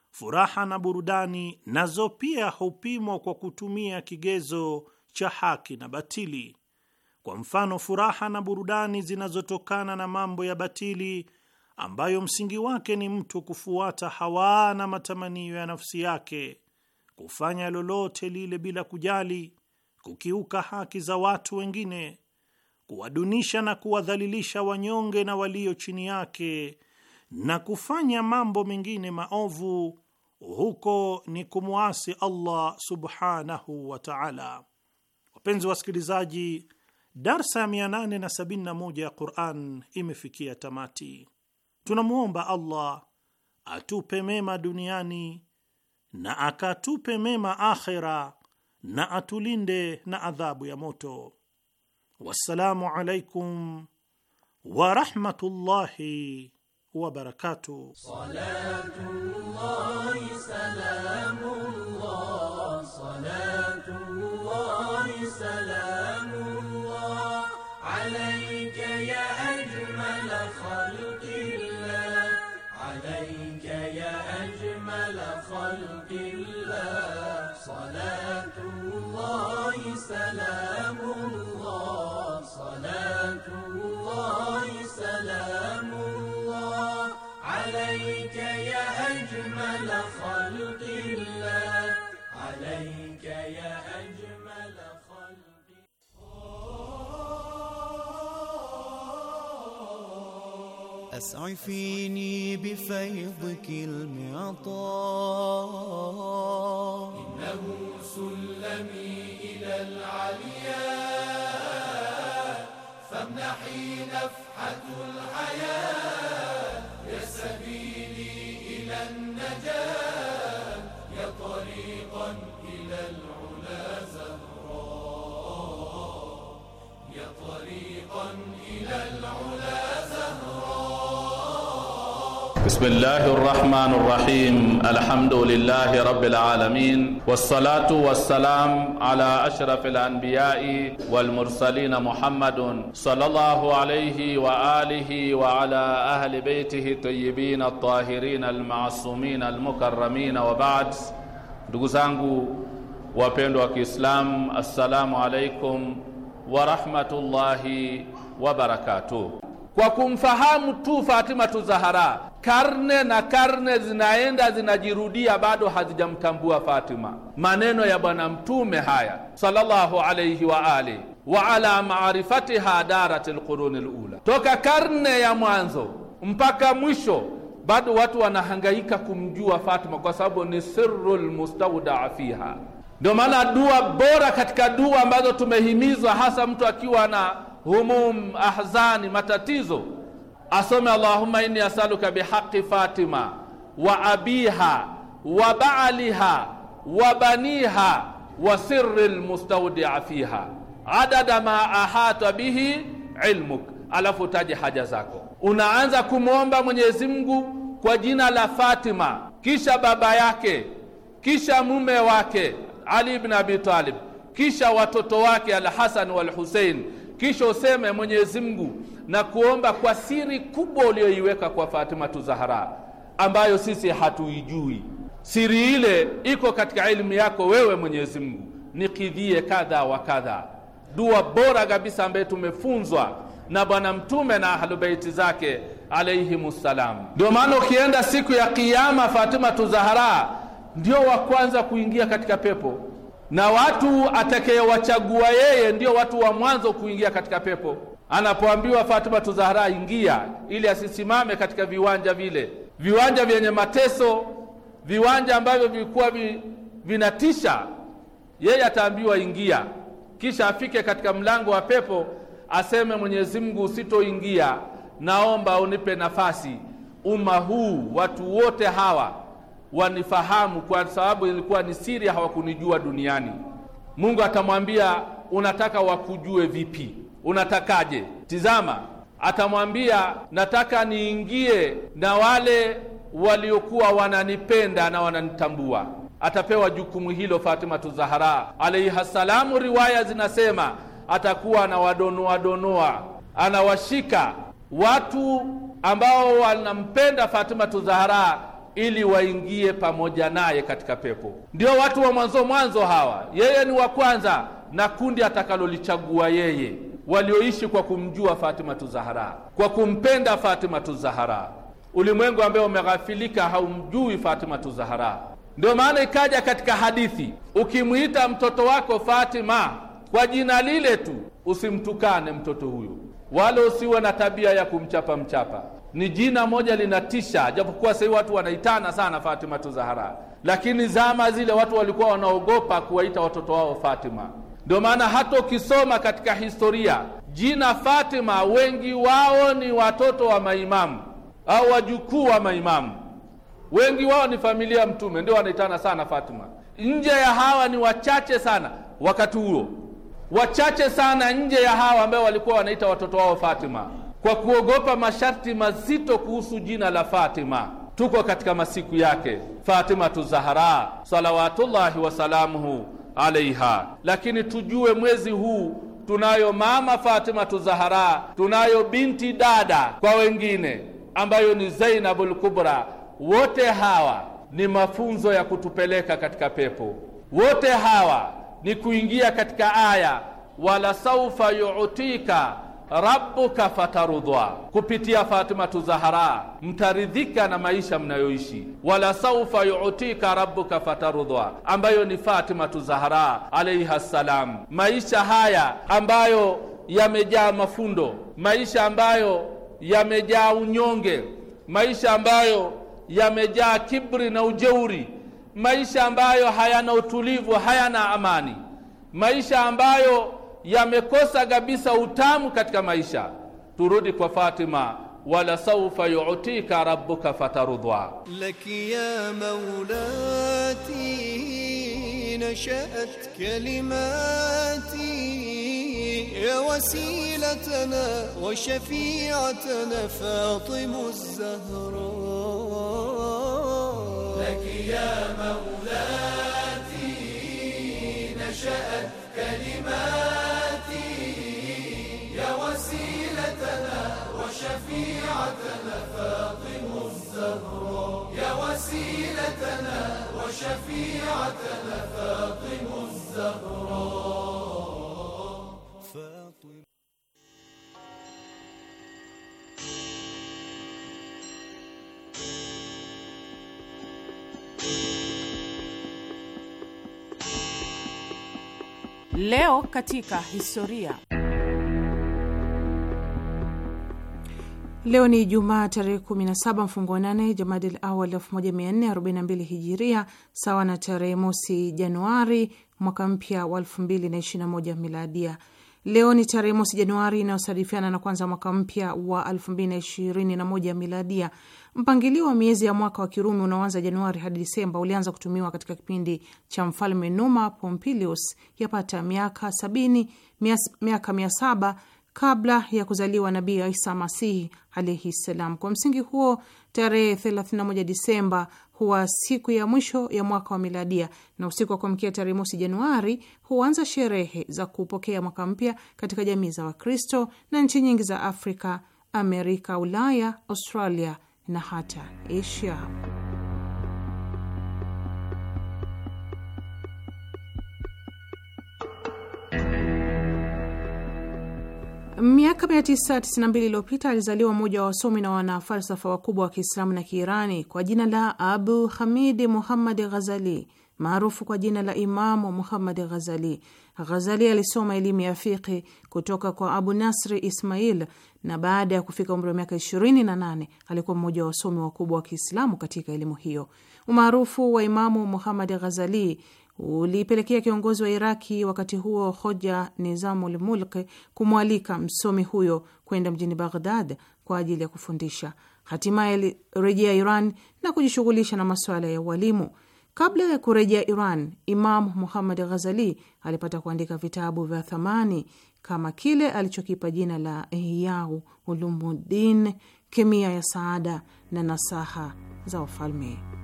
furaha na burudani nazo pia hupimwa kwa kutumia kigezo cha haki na batili. Kwa mfano, furaha na burudani zinazotokana na mambo ya batili ambayo msingi wake ni mtu kufuata hawaa na matamanio ya nafsi yake, kufanya lolote lile bila kujali kukiuka haki za watu wengine, kuwadunisha na kuwadhalilisha wanyonge na walio chini yake, na kufanya mambo mengine maovu, huko ni kumwasi Allah subhanahu wa ta'ala. Wapenzi wasikilizaji, darsa ya 871 ya Qur'an imefikia tamati. Tunamwomba Allah atupe mema duniani na akatupe mema akhera na atulinde na adhabu ya moto. Wassalamu alaikum warahmatullahi wabarakatuh. سلام الله صلاة الله سلام الله عليك يا أجمل خلق الله عليك يا أجمل خلق أسعفيني بفيضك المعطاء له سلمي إلى العلياء فامنحي نفحة الحياة يا سبيلي إلى النجاة يا طريقا إلى العلا زهراء يا طريقا إلى العلا بسم الله الرحمن الرحيم الحمد لله رب العالمين والصلاة والسلام على أشرف الأنبياء والمرسلين محمد صلى الله عليه وآله وعلى أهل بيته الطيبين الطاهرين المعصومين المكرمين وبعد دقزانقو wapendwa إسلام السلام عليكم ورحمة الله وبركاته kwa kumfahamu tu fatima Zahara. Karne na karne zinaenda zinajirudia, bado hazijamtambua Fatima. Maneno ya Bwana Mtume haya sallallahu alayhi wa ali wa ala maarifatiha darat lquruni lula, toka karne ya mwanzo mpaka mwisho bado watu wanahangaika kumjua Fatima kwa sababu ni siru lmustaudaa fiha. Ndio maana dua bora katika dua ambazo tumehimizwa, hasa mtu akiwa na humum, ahzani, matatizo, asome Allahumma inni asaluka bihaqi Fatima wa abiha wa baaliha wa baniha wa sirri lmustaudia fiha adada ma ahata bihi ilmuk, alafu taje haja zako. Unaanza kumwomba Mwenyezi Mungu kwa jina la Fatima, kisha baba yake, kisha mume wake Ali ibn Abi Talib, kisha watoto wake Al-Hasan wal kisha useme mwenyezi mungu na kuomba kwa siri kubwa ulioiweka kwa fatima tuzahara ambayo sisi hatuijui siri ile iko katika elimu yako wewe mwenyezi mungu nikidhie kadha wa kadha dua bora kabisa ambaye tumefunzwa na bwana mtume na ahlubeiti zake ssalam ndio maana ukienda siku ya kiama fatima tuzahara ndio wa kwanza kuingia katika pepo na watu atakayewachagua yeye ndio watu wa mwanzo kuingia katika pepo. Anapoambiwa Fatima Tuzahara, ingia, ili asisimame katika viwanja vile, viwanja vyenye mateso, viwanja ambavyo vilikuwa vi, vinatisha. Yeye ataambiwa ingia, kisha afike katika mlango wa pepo, aseme Mwenyezi Mungu, usitoingia, naomba unipe nafasi. Umma huu watu wote hawa wanifahamu, kwa sababu ilikuwa ni siri, hawakunijua duniani. Mungu atamwambia unataka wakujue vipi? Unatakaje? Tizama, atamwambia nataka niingie na wale waliokuwa wananipenda na wananitambua. Atapewa jukumu hilo Fatima Tuzahara alaiha salamu. Riwaya zinasema atakuwa anawadonoa donoa, anawashika watu ambao wanampenda Fatima Tuzahara ili waingie pamoja naye katika pepo. Ndio watu wa mwanzo mwanzo hawa, yeye ni wa kwanza na kundi atakalolichagua yeye, walioishi kwa kumjua Fatima Tuzahara, kwa kumpenda Fatima Tuzahara. Ulimwengu ambaye umeghafilika haumjui Fatima Tuzahara. Ndio maana ikaja katika hadithi, ukimwita mtoto wako Fatima kwa jina lile tu, usimtukane mtoto huyo, wala usiwe na tabia ya kumchapa mchapa ni jina moja linatisha, japokuwa sahii watu wanaitana sana fatima tu Zahara, lakini zama zile watu walikuwa wanaogopa kuwaita watoto wao Fatima. Ndio maana hata ukisoma katika historia jina Fatima, wengi wao ni watoto wa maimamu au wajukuu wa maimamu, wengi wao ni familia ya Mtume, ndio wanaitana sana Fatima. Nje ya hawa ni wachache sana, wakati huo wachache sana nje ya hawa ambao walikuwa wanaita watoto wao Fatima kwa kuogopa masharti mazito kuhusu jina la Fatima. Tuko katika masiku yake Fatimatu Zahara salawatullahi wasalamuhu alaiha, lakini tujue mwezi huu tunayo mama Fatimatu Zahra, tunayo binti dada kwa wengine ambayo ni Zainabul Kubra. Wote hawa ni mafunzo ya kutupeleka katika pepo, wote hawa ni kuingia katika aya wala saufa yuutika rabbuka fatarudhwa, kupitia fatima Zahara mtaridhika na maisha mnayoishi. Wala saufa yutika rabuka fatarudhwa, ambayo ni fatima Zahara alaiha ssalam. Maisha haya ambayo yamejaa mafundo, maisha ambayo yamejaa unyonge, maisha ambayo yamejaa kibri na ujeuri, maisha ambayo hayana utulivu, hayana amani, maisha ambayo yamekosa kabisa utamu katika maisha turudi kwa Fatima wala saufa yu'tika rabbuka fatarudwa laki ya maulati nashat kalimati ya wasilatana wa shafi'atana fatimu zahra laki ya maulati nashat كلماتي يا وسيلتنا وشفيعتنا فاطم الزهراء يا وسيلتنا وشفيعتنا فاطم الزهراء Leo katika historia. Leo ni Jumaa tarehe 17 mfungo 8 Jamadil Awal 1442 Hijiria, sawa na tarehe mosi Januari mwaka mpya wa 2021 Miladia. Leo ni tarehe mosi Januari inayosadifiana na kwanza mwaka mpya wa 2021 Miladia. Mpangilio wa miezi ya mwaka wa Kirumi unaoanza Januari hadi Disemba ulianza kutumiwa katika kipindi cha mfalme Numa Pompilius yapata miaka sabini mias, miaka mia saba kabla ya kuzaliwa Nabii Isa Masihi alaihi ssalam. Kwa msingi huo, tarehe 31 Disemba huwa siku ya mwisho ya mwaka wa miladia, na usiku wa kuamkia tarehe mosi Januari huanza sherehe za kupokea mwaka mpya katika jamii za Wakristo na nchi nyingi za Afrika, Amerika, Ulaya, Australia na hata Asia. Miaka 992 iliyopita alizaliwa mmoja wa wasomi na wanafalsafa wakubwa wa Kiislamu na Kiirani kwa jina la Abu Hamidi Muhammad Ghazali maarufu kwa jina la Imamu Muhammad Ghazali. Ghazali alisoma elimu ya fiqhi kutoka kwa Abu Nasri Ismail, na baada ya kufika umri wa miaka 28 alikuwa mmoja wa wasomi wakubwa wa Kiislamu katika elimu hiyo. Umaarufu wa Imamu Muhammad Ghazali ulipelekea kiongozi wa Iraki wakati huo hoja Nizamul Mulk kumwalika msomi huyo kwenda mjini Baghdad kwa ajili ya kufundisha. Hatimaye alirejea Iran na kujishughulisha na masuala ya ualimu. Kabla ya kurejea Iran, Imam Muhammad Ghazali alipata kuandika vitabu vya thamani kama kile alichokipa jina la Ihyau Ulumuddin, Kemia ya Saada na Nasaha za Wafalme.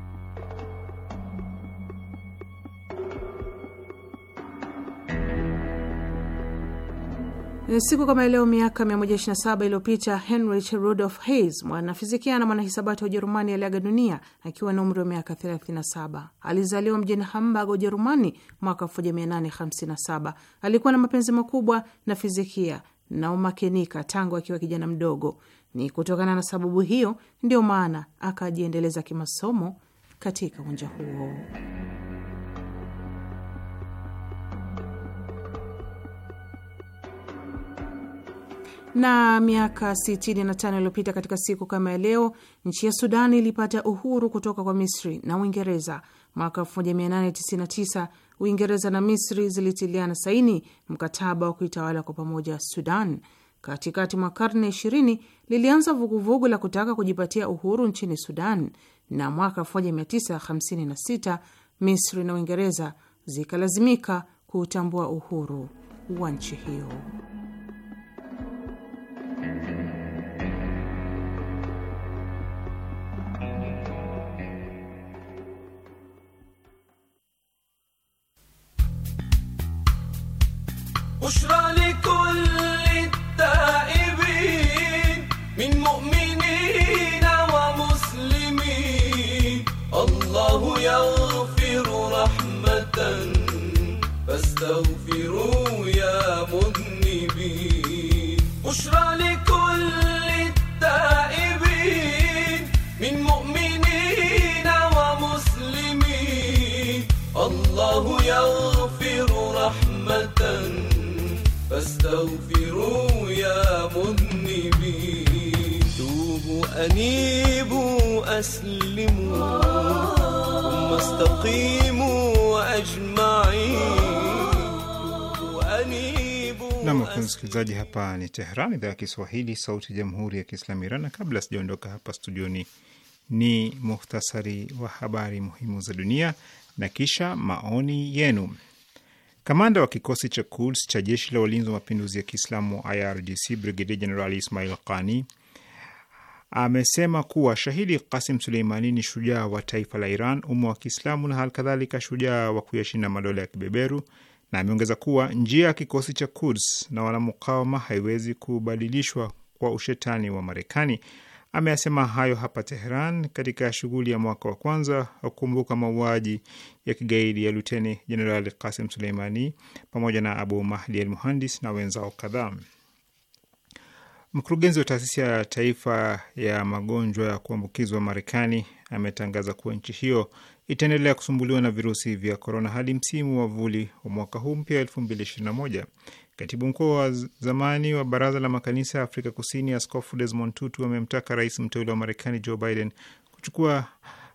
Eh, siku kama leo miaka 127 iliyopita Heinrich Rudolf Hertz, mwanafizikia na mwanahisabati wa Ujerumani, aliaga dunia akiwa na umri wa miaka 37. Alizaliwa mjini Hamburg, Ujerumani mwaka 1857. Alikuwa na mapenzi makubwa na fizikia na umakenika tangu akiwa kijana mdogo. Ni kutokana na sababu hiyo ndio maana akajiendeleza kimasomo katika uwanja huo. Na miaka 65 iliyopita katika siku kama ya leo, nchi ya Sudan ilipata uhuru kutoka kwa Misri na Uingereza. Mwaka 1899 Uingereza na Misri zilitiliana saini mkataba wa kuitawala kwa pamoja Sudan. Katikati mwa karne 20 lilianza vuguvugu la kutaka kujipatia uhuru nchini Sudan, na mwaka 1956 Misri na Uingereza zikalazimika kutambua uhuru wa nchi hiyo. بشرى لكل التائبين من مؤمنين ومسلمين الله يغفر رحمة فاستغفروا يا مذنبين بشرى لكل التائبين من مؤمنين ومسلمين الله يغفر فاستغفروا يا مذنبين توبوا أنيبوا أسلموا ثم استقيموا أجمعين Nam wapenzi msikilizaji, hapa ni Tehran, idhaa ya Kiswahili, sauti ya jamhuri ya kiislamu Iran. Na kabla sijaondoka hapa studioni, ni muhtasari wa habari muhimu za dunia na kisha maoni yenu. Kamanda wa kikosi cha Quds cha jeshi la walinzi wa mapinduzi ya Kiislamu IRGC Brigedia Jenerali Ismail Qani amesema kuwa shahidi Kasim Suleimani ni shujaa wa taifa la Iran, umma wa Kiislamu na hali kadhalika shujaa wa kuyashinda madola ya kibeberu, na ameongeza kuwa njia ya kikosi cha Quds na wanamukawama haiwezi kubadilishwa kwa ushetani wa Marekani ameyasema hayo hapa Teheran katika shughuli ya mwaka wa kwanza wa kukumbuka mauaji ya kigaidi ya Luteni Jenerali Kasim Suleimani pamoja na Abu Mahdi al Muhandis na wenzao kadhaa. Mkurugenzi wa taasisi ya taifa ya magonjwa ya kuambukizwa Marekani ametangaza kuwa nchi hiyo itaendelea kusumbuliwa na virusi vya korona hadi msimu wa vuli wa mwaka huu mpya 2021. Katibu mkuu wa zamani wa baraza la makanisa ya Afrika Kusini, Askofu Desmond Tutu amemtaka rais mteule wa Marekani Joe Biden kuchukua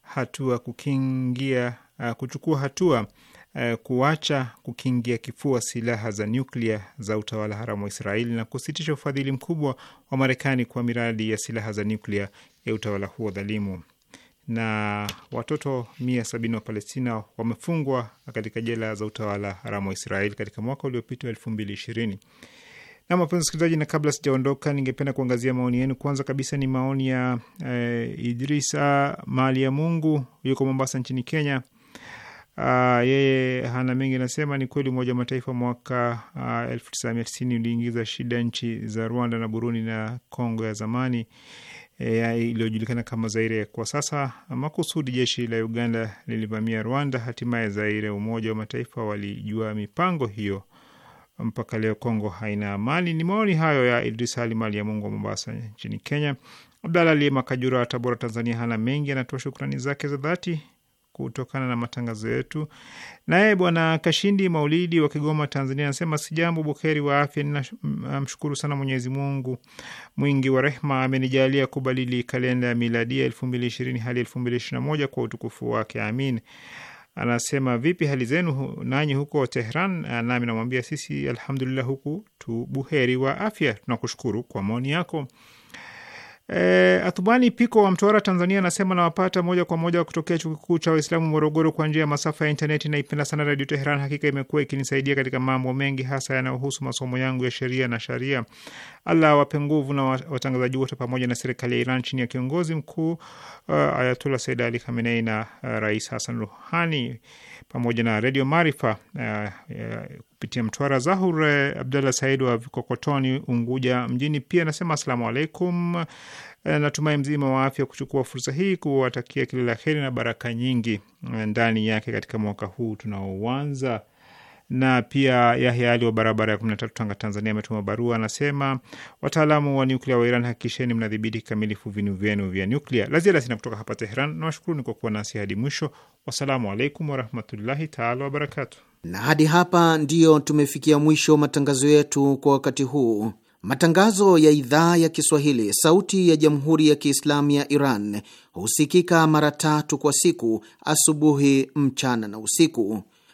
hatua kukingia, uh, kuchukua hatua uh, kuacha kukingia kifua silaha za nyuklia za utawala haramu wa Israeli na kusitisha ufadhili mkubwa wa Marekani kwa miradi ya silaha za nyuklia ya utawala huo dhalimu na watoto mia sabini wa Palestina wamefungwa katika jela za utawala haramu wa Israeli katika mwaka uliopita elfu mbili ishirini. Na wapenzi wasikilizaji, na kabla sijaondoka, ningependa kuangazia maoni yenu. Kwanza kabisa ni maoni ya eh, Idrisa Mali ya Mungu, yuko Mombasa nchini Kenya. Uh, yeye hana mengi, anasema ni kweli Umoja wa Mataifa mwaka ah, uh, tisini uliingiza shida nchi za Rwanda na Burundi na Kongo ya zamani iliyojulikana kama Zaire kwa sasa. Makusudi jeshi la Uganda lilivamia Rwanda, hatimaye Zaire. Umoja wa Mataifa walijua mipango hiyo. Mpaka leo Kongo haina amani. Ni maoni hayo ya Idris Ali Mali ya Mungu wa Mombasa nchini Kenya. Abdala Liye Makajura wa Tabora, Tanzania hana mengi, anatoa shukrani zake za dhati kutokana na matangazo yetu. Naye Bwana Kashindi Maulidi wa Kigoma, Tanzania, anasema si jambo bukheri wa afya, ninamshukuru sana Mwenyezi Mungu mwingi wa rehma, amenijalia kubadili kalenda ya miladia elfu mbili ishirini hadi elfu mbili ishirini na moja kwa utukufu wake, amin. Anasema vipi hali zenu nanyi huko Tehran? Nami namwambia sisi alhamdulillah, huku tu buheri wa afya. Tunakushukuru kwa maoni yako. Eh, Athumani Piko wa Mtwara, Tanzania, anasema nawapata moja kwa moja kutokea chuo kikuu cha Waislamu Morogoro kwa njia ya masafa ya intaneti. Naipenda sana Radio Teheran, hakika imekuwa ikinisaidia katika mambo mengi, hasa yanayohusu masomo yangu ya sheria na sharia. Allah awape nguvu na watangazaji wote pamoja na serikali ya Iran chini ya kiongozi mkuu uh, eh, Ayatullah Said Ali Khamenei na uh, Rais Hasan Ruhani pamoja na Redio Maarifa eh, eh, kupitia Mtwara. Zahur eh, Abdallah Said wa Vikokotoni, Unguja Mjini pia anasema asalamu alaikum, natumai mzima wa afya. Kuchukua fursa hii kuwatakia kila la heri na baraka nyingi ndani yake katika mwaka huu tunaouanza na pia Yahya Ali wa barabara ya 13 Tanga, Tanzania ametuma barua, anasema wataalamu wa nyuklia wa Iran, hakikisheni mnadhibiti kikamilifu vinu vyenu vya nyuklia. La ziada sina kutoka hapa Teheran na ni kwa kuwa nasi hadi mwisho. Wassalamu alaikum warahmatullahi taala wabarakatu. Na hadi hapa ndiyo tumefikia mwisho matangazo yetu kwa wakati huu. Matangazo ya idhaa ya Kiswahili sauti ya jamhuri ya Kiislamu ya Iran husikika mara tatu kwa siku: asubuhi, mchana na usiku